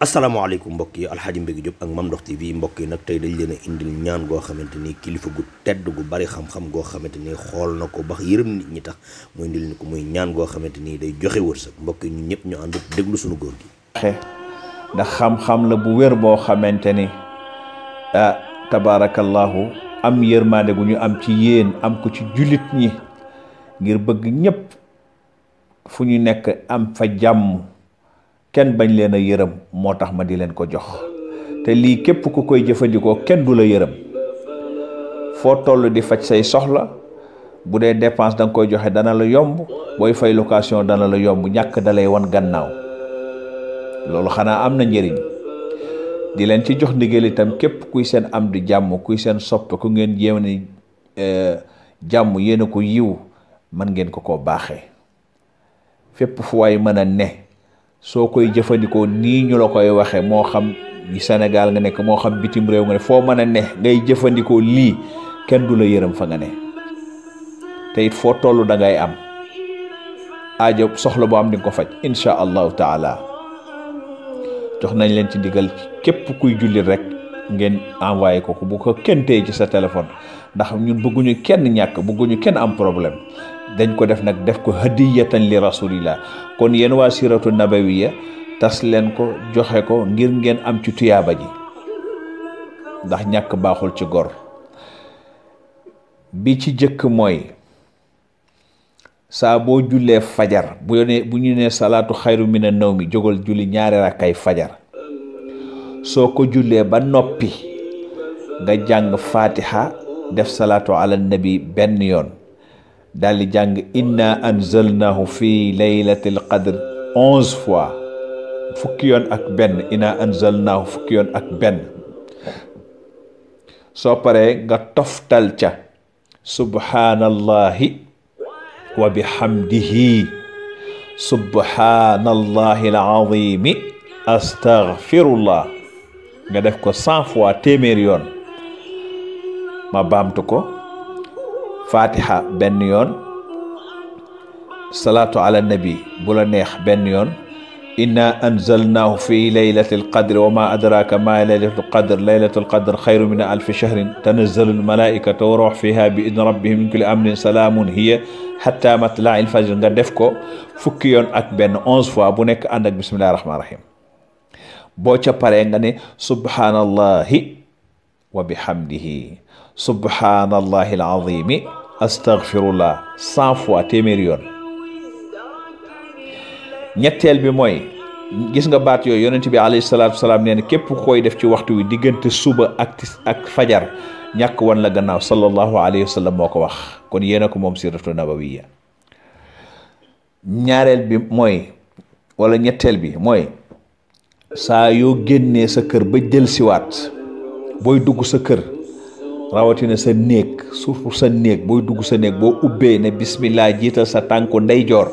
asalaamaaleykum mbokk yi mbég Mbégi Diop ak Mame Ndokh TV mbokk yi nag tey dañ leen a indil ñaan goo xamante ni kilifa gu tedd gu bari xam-xam goo xamante ni xool na ko bax yërëm nit ñi tax mooy indil ni ko muy ñaan goo xamante ni day joxe wërsëg mbokk yi ñun ñëpp ñu ànd déglu suñu góor gi ndax xam-xam la bu wér boo xamante ni ah tabaarakallaahu am yërmaande gu ñu am ci yéen am ko ci jullit ñi ngir bëgg ñépp fu ñu nekk am fa jàmm kenn bañ leen a yërëm moo tax ma di leen ko jox te lii képp ku koy jëfandikoo kenn du la yërëm foo toll di faj say soxla bu dee dépense danga koy joxe dana la yomb booy fay location dana la yomb ñàkk dalay wan gannaaw loolu xanaa am na njëriñ di leen ci jox ndigal itam képp kuy seen am di jàmm kuy seen soppe ku ngeen yéene eh, jàmm yéene ko yiw mën ngeen ko koo baaxee fépp fu waay mën a ne soo koy jëfandikoo nii ñu la koy waxee moo xam yi Sénégal nga nekk moo xam bitim réew nga ne foo mën a ne ngay jëfandikoo lii kenn du la yërëm fa nga ne te foo tollu da ngay am aajo soxla boo am di ko faj incha allahu taala jox nañ leen ci digal képp kuy jullit rek ngeen envoyé ko ko bu ko kenn tey ci sa téléphone ndax ñun bëgguñu kenn ñàkk bugguñu kenn am problème dañ ko def nag def ko hadiyatan li rasulillah kon yéen waa siratu nabawiya tas leen ko joxe ko ngir ngeen am ci tuyaaba ji ndax ñàkk baaxul ci gor bi ci jëkk mooy saa boo jullee fajar bu ñu nee salaatu xayru mina naw mi jógal julli ñaari rakkay fajar soo ko jullee ba noppi nga jàng fatiha def salaatu ala nabi benn yoon daal di jàng inna anzalnahu fi laylatil qadr onze fois fukki yoon ak benn inna anzalnahu fukki yoon ak benn soo pare nga toftal ca subhaanallahi wa bihamdihi subhaanallahi alazimi astaghfirullah nga def ko cent fois téeméer yoon ma baamtu ko fatiha benn yoon salaatu ala nabi bu la neex benn yoon inna anzalnaahu fi laylati alqadri wa ma adraka ma laylatu alqadr laylatu alqadr xayru min alfi shahrin tanazzalu almalaikata wa ruux fiha bi idni rabbihim min kulli amrin salaamun hiya xatta matlaa il fajr nga def ko fukki yoon ak benn onze fois bu nekk ànd ak bismillahi rahmaani rahim boo ca paree nga ne subhaanallahi wa bihamdihi subhaanallahi alazimi astaghfirullah cent fois téeméeri yoon ñetteel bi mooy gis nga baat yooyu yonent bi alayhi salaatu salaam nee képp koy def ci waxtu wi diggante suba ak ak fajar ñàkk wan la gannaaw sallallahu alayhi ko wax kon yéen a ko moom siratu nabawiya ñaareel bi mooy wala ñetteel bi mooy saa yoo génnee sa kër ba jël siwaat booy dugg sa kër rawatina sa néeg suufu sa néeg booy dugg sa néeg boo ubbee ne bismillah jiital sa tànku ndeyjoor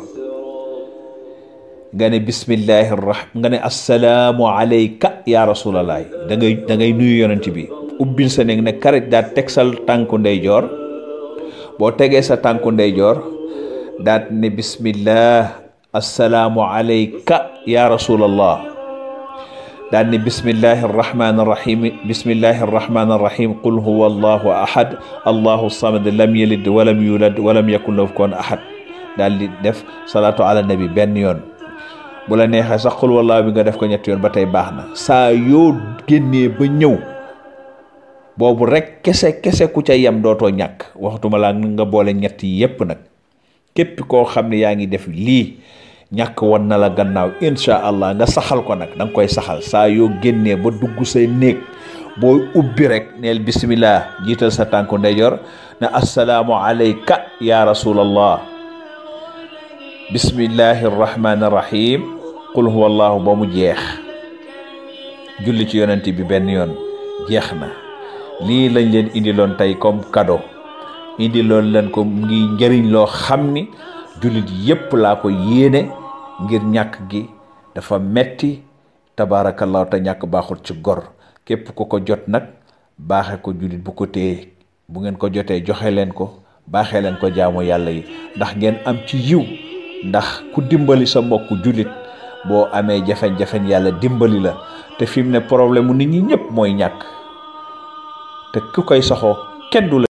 nga ne bismillahi rahman nga ne assalaamu alayka yaa rasulallah da ngay nuyu yonent bi ubbil sa néeg ne karit daal teg sa tànku ndeyjoor boo tegee sa tànku ndeyjoor daat ne bismillah assalaamu alayka yaa rasulallah daan ni bismillahi arrahmani irrahim bismillahi arrahmani irrahim qul huwa allahu ahad allahu samad lam yalid walam yulad walam yakun lahu kufuwan ahad daal di def salaatu ala nabi benn yoon bu la neexee sax qul wallahu bi nga def ko ñetti yoon ba tey baax na saa yoo génnee ba ñëw boobu rek kese kese ku ca yam dootoo ñàkk waxtuma laa nga boole ñett yépp nag képp koo xam ne yaa ngi def lii ñàkk won na la gannaaw incha allah nga saxal ko nag da koy saxal saa yoo génnee ba dugg say néeg booy ubbi rek neel bismillah jiital sa tànku ndeyjoor ne assalaamu alayka ya rasulallah bismillahi arrahmani arrahim qul huwa allahu ba mu jeex julli ci yonent bi benn yoon jeex na lii lañ leen indiloon tey comme cadeau indiloon leen ko ngi njëriñ loo xam ni jullit yépp laa ko yéene ngir ñàkk gi dafa metti tabaarakallaahu te ñàkk baaxul ci gor képp ku ko jot nag baaxe ko jullit bu ko téye bu ngeen ko jotee joxe leen ko baaxee leen ko jaamu yàlla yi ndax ngeen am ci yiw ndax ku dimbali sa mbokku jullit boo amee jafe-jafe yàlla dimbali la te fi mu ne problème mu nit ñi ñëpp mooy ñàkk te ku koy soxoo kenn du la